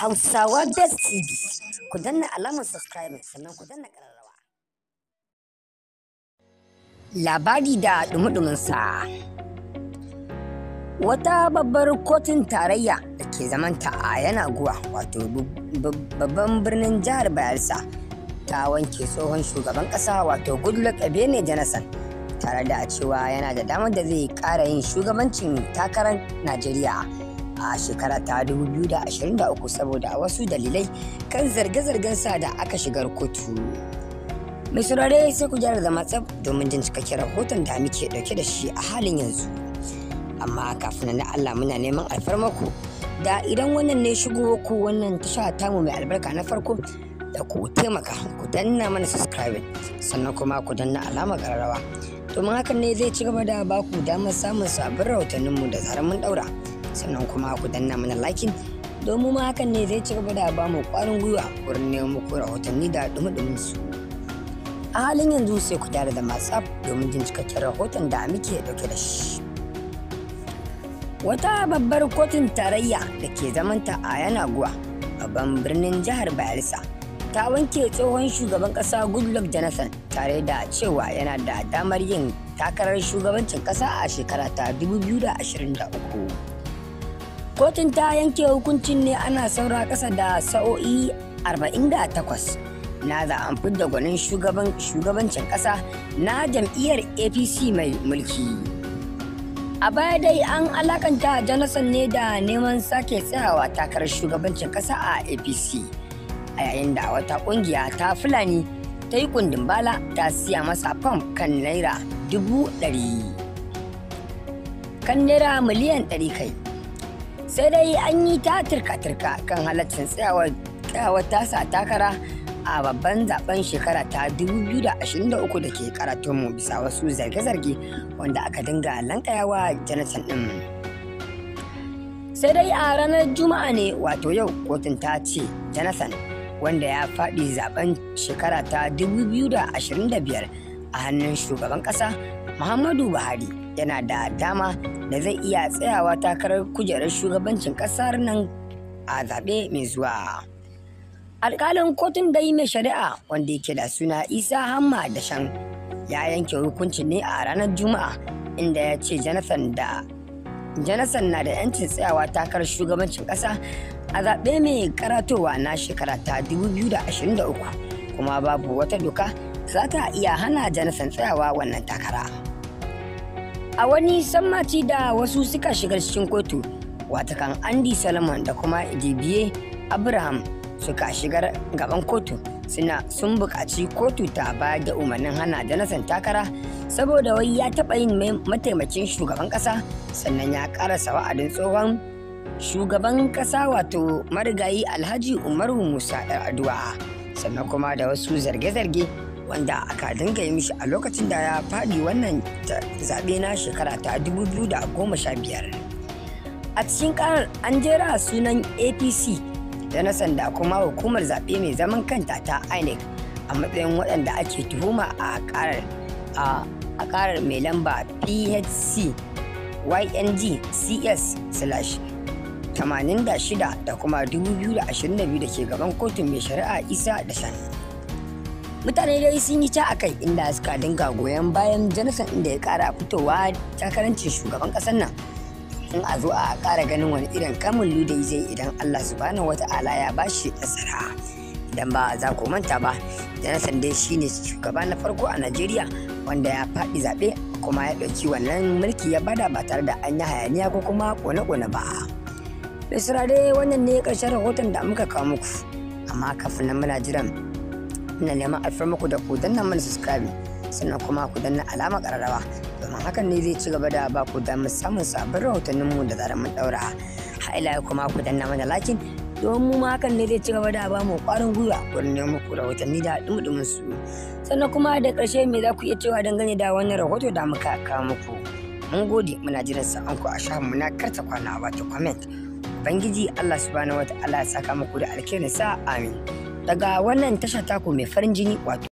Hausawa Best TV. Ku danna alamar subscribe sannan ku danna ƙararrawa. Labari da sa Wata babbar kotun tarayya da ke zamanta a guwa, wato babban birnin jihar Bayelsa ta wanke tsohon shugaban ƙasa wato Goodluck Ebene Jonathan tare da cewa yana da damar da zai ƙara yin shugabancin takarar Najeriya. a shekara ta 2023 saboda a wasu dalilai kan zarge-zargen sa da aka shigar kotu. Mai saurare sai ku gyara zama tsab domin jin cikakken rahoton da muke dauke da shi a halin yanzu. Amma kafin na Allah muna neman alfarmako da idan wannan ne shigo ku wannan tasha tamu mai albarka na farko da ku taimaka ku danna mana subscribing sannan kuma ku danna alamar gararrawa domin hakan ne zai ci gaba da baku damar samun sabbin rahotanninmu da zarar mun daura. sannan kuma ku danna mana lakin domin ma hakan ne zai ci gaba da ba mu kwarin gwiwa wurin neman muku rahotanni da dumi-dumin su a halin yanzu sai ku tare da masu domin jin cikakken rahoton da muke dauke da shi wata babbar kotun tarayya da ke zamanta a yanaguwa babban birnin jihar bayelsa ta wanke tsohon shugaban kasa goodluck jonathan tare da cewa yana da damar yin takarar shugabancin kasa a shekara ta 2023 kotun ta yanke hukuncin ne ana saura ƙasa da sa'o'i 48 na za an fidda gwanin shugabancin ƙasa na jam'iyyar apc mai mulki a baya dai an alakanta jonathan ne da neman sake tsayawa takarar shugabancin ƙasa a apc a yayin da wata ƙungiya ta fulani ta yi kundin bala ta siya masa fam kan naira dubu ɗari kan naira miliyan ɗari kai sai dai an yi ta turka-turka kan halaccin tsayawar tasa takara a babban zaben shekara ta 2023 da ke mu bisa wasu zarge-zarge wanda aka dinga lankayawa janatan din sai dai a ranar juma'a ne wato yau kotun ta ce janatan wanda ya faɗi zaben shekara ta 2025 a hannun shugaban ƙasa muhammadu buhari yana da dama da zai iya tsayawa takarar kujerar shugabancin ƙasar nan a zaɓe mai zuwa. Alƙalin kotun dai mai shari'a wanda yake da suna Isa Hamma da Shan ya yanke hukuncin ne a ranar Juma'a inda ya ce Jonathan da Jonathan na da 'yancin tsayawa takarar shugabancin ƙasa a zaɓe mai karatowa na shekara ta 2023 kuma babu wata doka za ta iya hana Jonathan tsayawa wannan takara. a wani sammaci da wasu suka shiga cikin kotu watakan andy solomon da kuma dibiye abraham suka shiga gaban kotu suna sun buƙaci kotu ta ba da umarnin hana jonathan takara saboda wai ya taɓa yin mataimakin shugaban ƙasa sannan ya ƙarasa wa'adin tsohon shugaban ƙasa wato marigayi alhaji umaru musa adu'a sannan kuma da wasu zarge-zarge wanda aka dinga yi mishi a lokacin da ya faɗi wannan zaɓe na shekara ta 2015 a cikin ƙarar an jera sunan apc da na sanda kuma hukumar zaɓe mai zaman kanta ta inec a matsayin waɗanda ake tuhuma a ƙarar a ƙarar mai lamba phc yng cs slash 86 da kuma 2022 da ke gaban kotun mai shari'a isa da shani mutane dai sun yi ca a kai inda suka dinga goyon bayan jonathan inda ya kara fitowa takarancin shugaban kasar nan in a zo a kara ganin wani irin kamun lude zai idan allah wata ala ya bashi nasara idan ba za ku manta ba jonathan dai shine shugaba na farko a najeriya wanda ya faɗi zaɓe kuma ya ɗauki wannan mulki ya bada ba tare da an yi hayaniya ko kuma kone-kone ba da dai wannan ne ƙarshen rahoton da muka kawo muku amma kafin nan muna jiran ina neman alfar muku da ku danna mana subscribe sannan kuma ku danna alama kararrawa domin hakan ne zai ci gaba da ba ku damar samun sabbin mu da zarar mun daura har ila kuma ku danna mana lakin domin mu hakan ne zai ci gaba da ba mu kwarin gwiwa wurin neman muku rahotanni da dumudumin su sannan kuma da karshe me za ku iya cewa dangane da wannan rahoto da muka kawo muku mun gode muna jiran sa'anku a shafinmu na karta kwana wato comment ubangiji allah subhanahu wa ta'ala ya saka muku da alkhairinsa amin daga wannan tasha taku mai farin jini wato